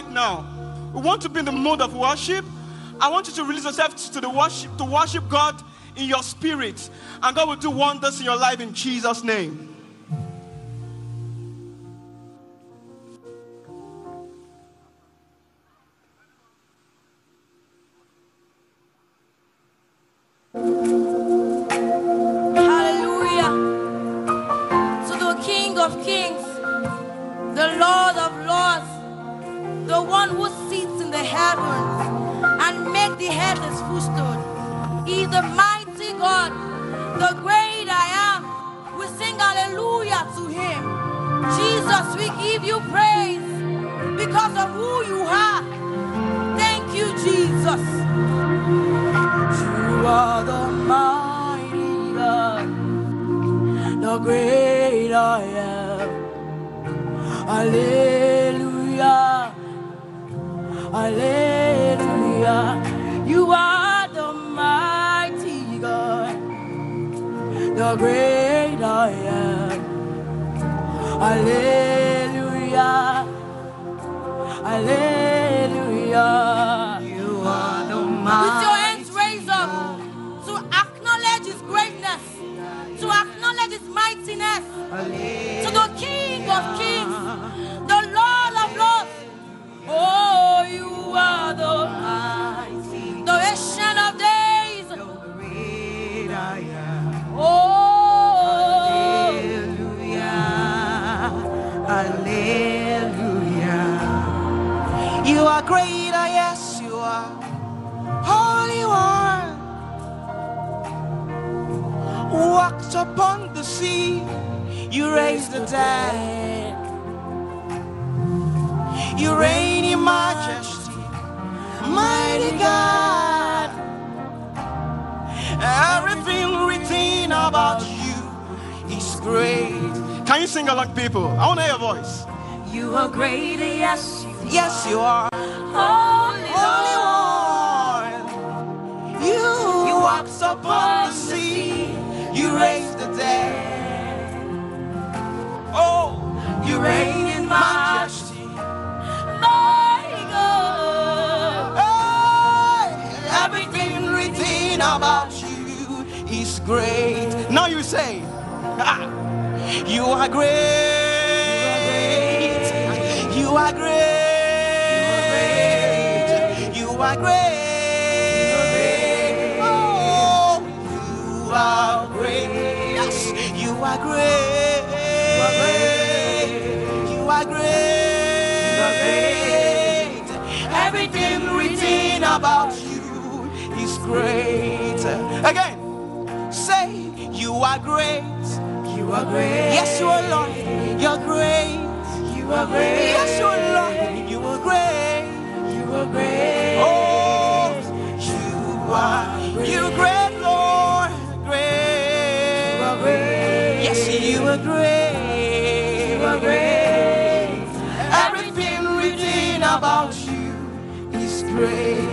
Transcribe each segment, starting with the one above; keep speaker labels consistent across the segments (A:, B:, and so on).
A: right now. We want to be in the mode of worship. I want you to release yourself to the worship, to worship God in your spirit. And God will do wonders in your life in Jesus' name.
B: praise because of who you are. Thank you, Jesus. You are the mighty God, the great I am. Hallelujah. Hallelujah. You are the mighty God, the great I am. Hallelujah. Hallelujah. You are the mighty. With your hands raised up to acknowledge His greatness, to acknowledge His mightiness, to the King of Kings.
A: upon the sea, you raise the dead. You reign in majesty, mighty God. Everything written about you is great. Can you sing like people? I want to hear your voice. You are great, yes. You yes, are. you are. Holy, Holy Lord. Lord. You,
C: you upon the sea. You raise death. Oh, you reign in majesty, my
A: God. Oh, everything written about you is great. Now you say, ah, you are great. You are great. You are great. You oh,
C: You are great. Oh, are great. You are great. You are great.
A: Everything written about you is great. Again, say, You are great. You are great. Yes, you are Lord. You're great. You are great. Yes, you are Lord. You are
C: great. You are great. Oh, you are. You great. were great, you were great. Everything written about you is great.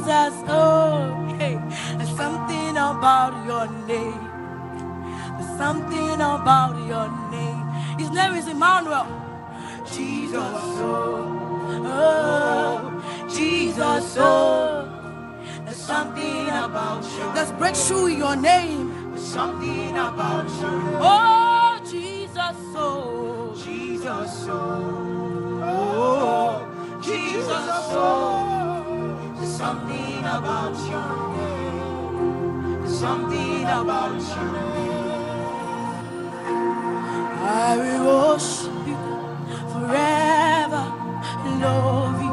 B: Jesus, oh, hey, there's something about your name. There's something about your name. His name is Emmanuel. Jesus, oh, oh, Jesus, oh, there's something about you. There's breakthrough in your name. There's something about you. Oh, Jesus, oh, Jesus,
C: oh, oh,
B: Jesus, oh.
C: Something about your name.
D: Something about
B: your name. I will worship you forever. Love you.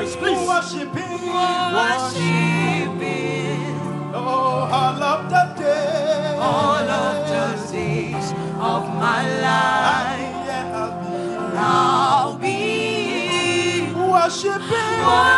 A: voice, please. Worshiping, worshiping. Oh, all of the
C: days, all of the days of my life. I'll be, I'll be worshiping. worshiping.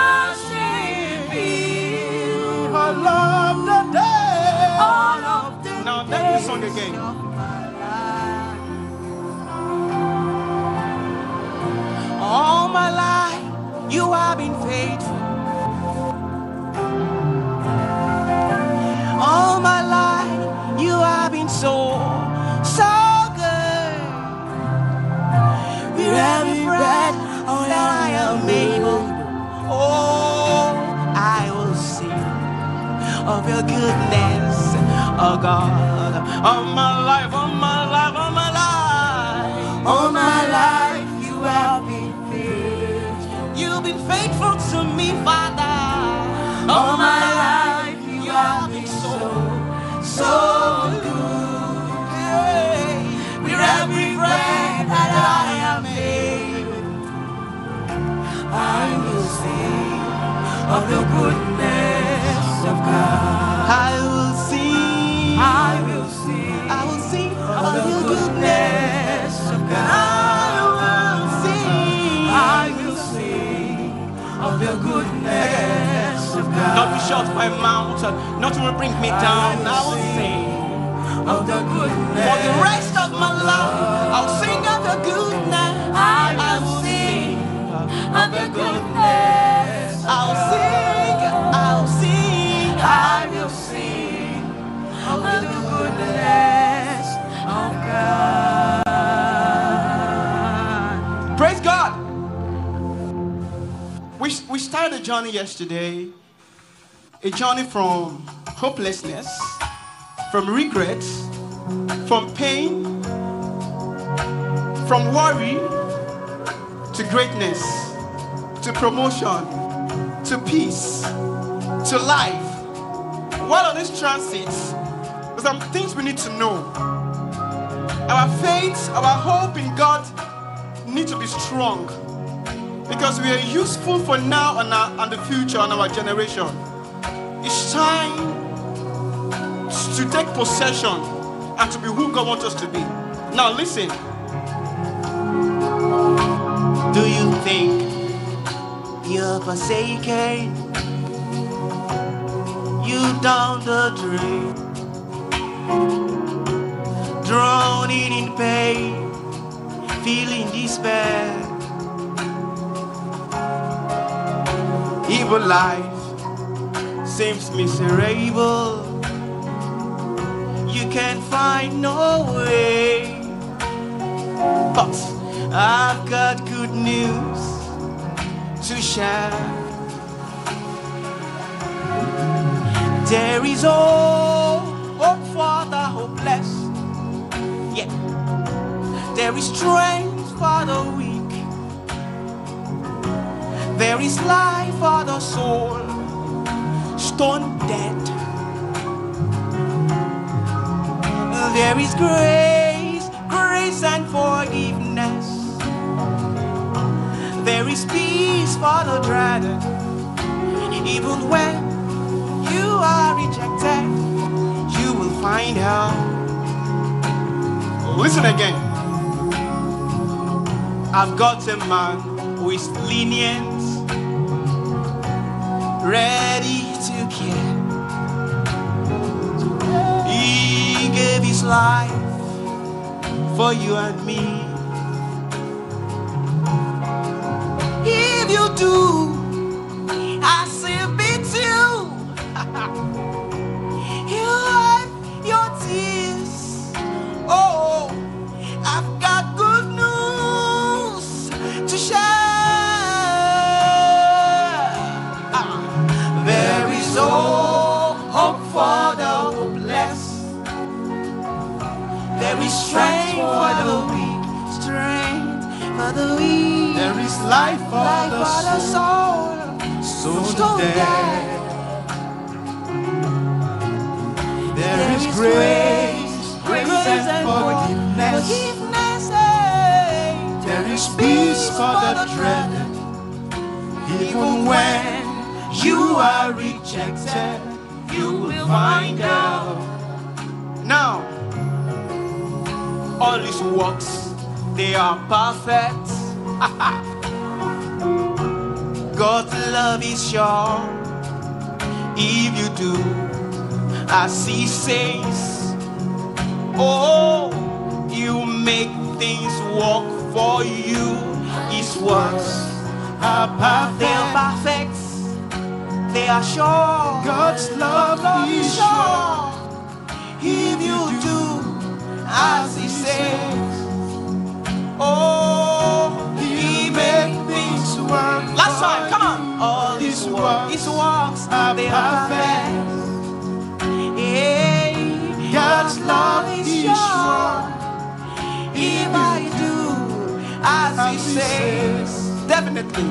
C: the goodness of God.
A: I will sing.
C: I
B: will sing. I
A: will sing
C: of the goodness of God.
B: I will sing. I
A: will sing
B: of the
D: goodness
A: of God. Not to shut my mouth, Not will bring me down. I will sing
B: of the goodness. For the
A: rest of my life, I'll sing of the goodness.
C: I will sing of the goodness.
A: Praise God. We, we started a journey yesterday, a journey from hopelessness, from regret, from pain, from worry to greatness, to promotion, to peace, to life. While on this transit, there's some things we need to know. Our faith, our hope in God need to be strong because we are useful for now and, our, uh, and the future and our generation. It's time to take possession and to be who God wants us to be. Now listen. Do you think you're forsaken? You down the dream drowning in pain, feeling despair. Evil life seems miserable. You can find no way. But I've got good news to share. There is all There is strength for the weak. There is life for the soul, stone dead. There is grace, grace and forgiveness. There is peace for the dreaded, even when you are rejected, you will find help. Listen again. I've got a man who is lenient, ready to care. He gave his life for you and me. If you do
C: the There is life for, life the, for soul.
A: the soul. Soul, soul
C: There, there is, grace, grace, grace and, forgiveness. forgiveness. There is peace for the dreaded,
A: even when you are rejected. You will find out. Now, all this works they are perfect. God's love is sure. If you do as He says, oh, you make things work for you. His works. are perfect. They are perfect. They are sure. God's love, God's is sure. If you do as He says. Oh, He made things work. Last time, come on. All His works, His works
B: are they are
A: perfect. Hey, God's love is sure. If I do as He says, definitely.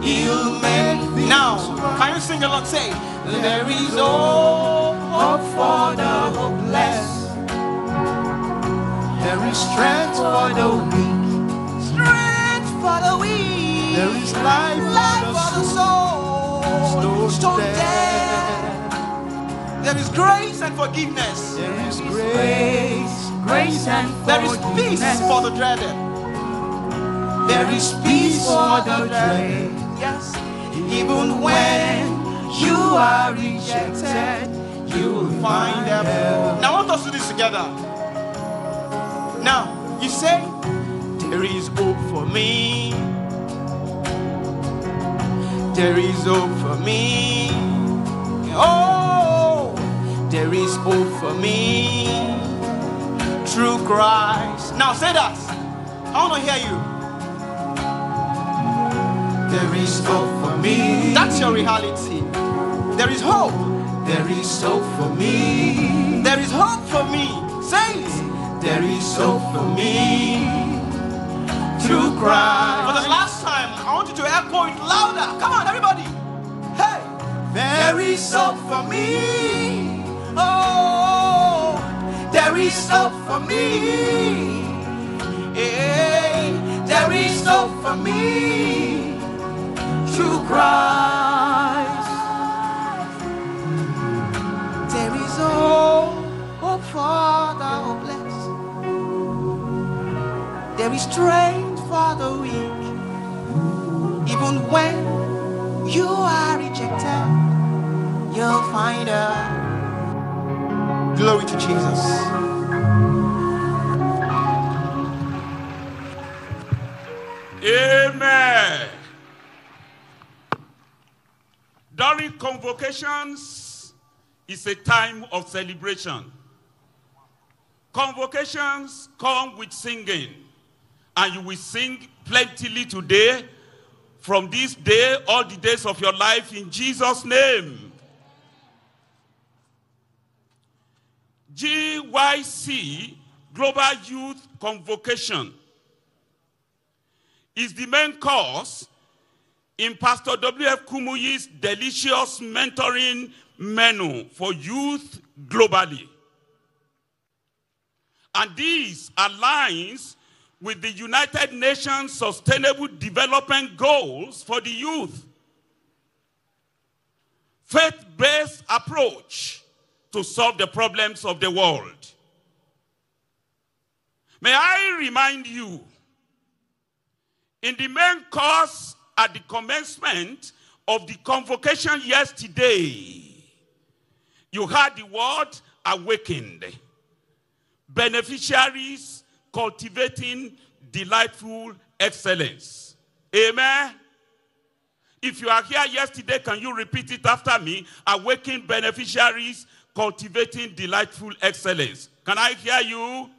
A: He'll make now. Can you sing along? Say, there is hope for the hopeless. There is strength for the weak.
C: Strength for the weak. There is life, life for the
A: soul. Stone dead. There is grace and forgiveness. There is grace, grace and forgiveness. There is peace for the dreaded. There is peace for the dreaded. Yes. Even when you are rejected, you will find help. Now I want us to do this together. Now, you say, There is hope for me. There is hope for me. Oh, there is hope for me. True Christ. Now say that. I want to hear you. There is hope for me. That's your reality. There is hope. There is hope for me. There is hope for me. Say it there is hope for me to cry. For the last time, I want you to echo it louder. Come on, everybody. Hey, there is hope for me.
C: Oh, there is hope for me. Hey, there is hope for me to cry.
A: restrained for the weak. Even when you are rejected, you'll find a glory to Jesus.
D: Amen. During convocations is a time of celebration. Convocations come with singing and you will sing plentifully today from this day, all the days of your life, in Jesus' name. GYC, Global Youth Convocation, is the main cause in Pastor W.F. Kumuyi's delicious mentoring menu for youth globally. And this aligns with the United Nations Sustainable Development Goals for the youth. Faith-based approach to solve the problems of the world. May I remind you, in the main course at the commencement of the convocation yesterday, you heard the word awakened. Beneficiaries cultivating delightful excellence. Amen. If you are here yesterday, can you repeat it after me? Awaken beneficiaries, cultivating delightful excellence. Can I hear you?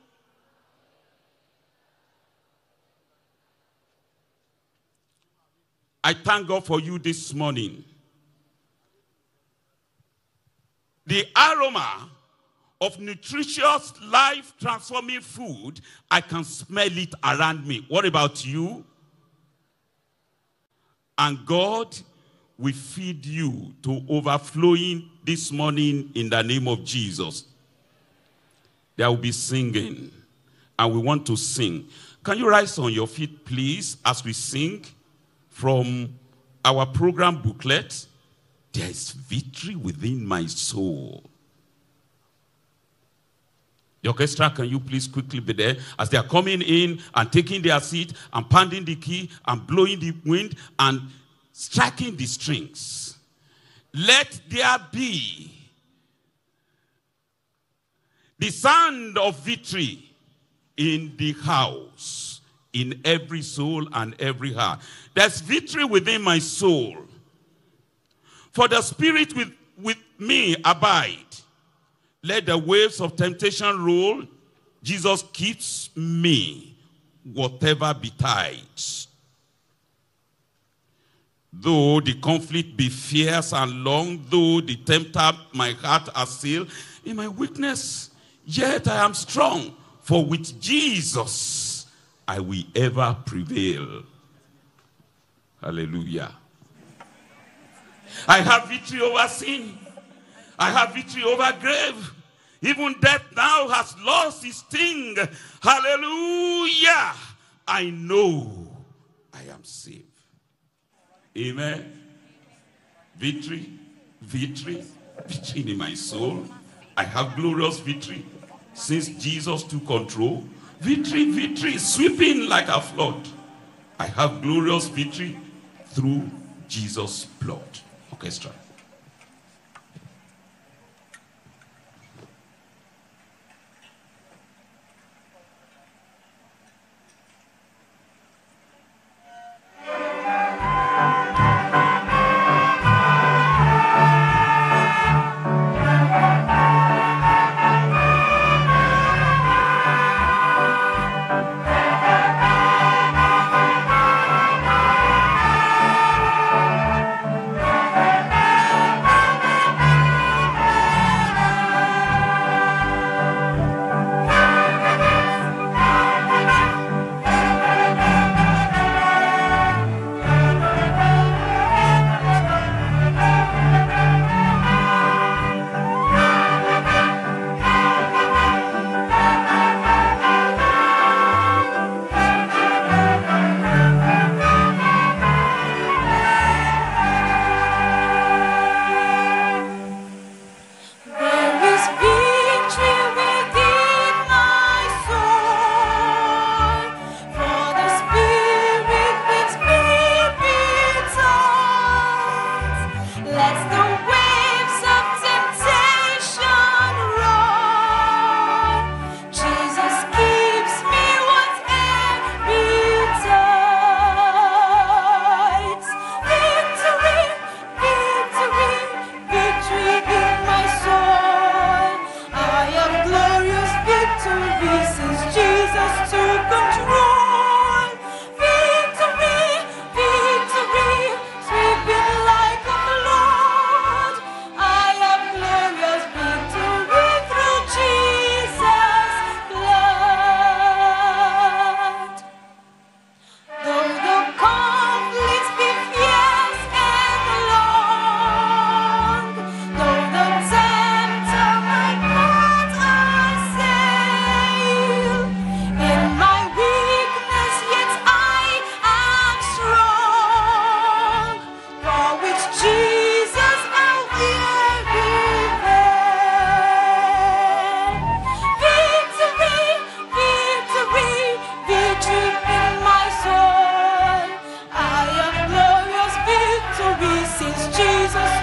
D: I thank God for you this morning. The aroma of nutritious, life transforming food, I can smell it around me. What about you? And God will feed you to overflowing this morning in the name of Jesus. There will be singing, and we want to sing. Can you rise on your feet, please, as we sing from our program booklet? There is victory within my soul. The orchestra, can you please quickly be there? As they are coming in and taking their seat and pounding the key and blowing the wind and striking the strings. Let there be the sound of victory in the house, in every soul and every heart. There's victory within my soul. For the spirit with, with me abide let the waves of temptation roll. Jesus keeps me, whatever betides. Though the conflict be fierce and long, though the tempter my heart assail, in my weakness, yet I am strong, for with Jesus I will ever prevail. Hallelujah. I have victory over sin. I have victory over grave. Even death now has lost its sting. Hallelujah. I know I am saved. Amen. Victory, victory, victory in my soul. I have glorious victory since Jesus took control. Victory, victory, sweeping like a flood. I have glorious victory through Jesus' blood. Orchestra.
C: Jesus.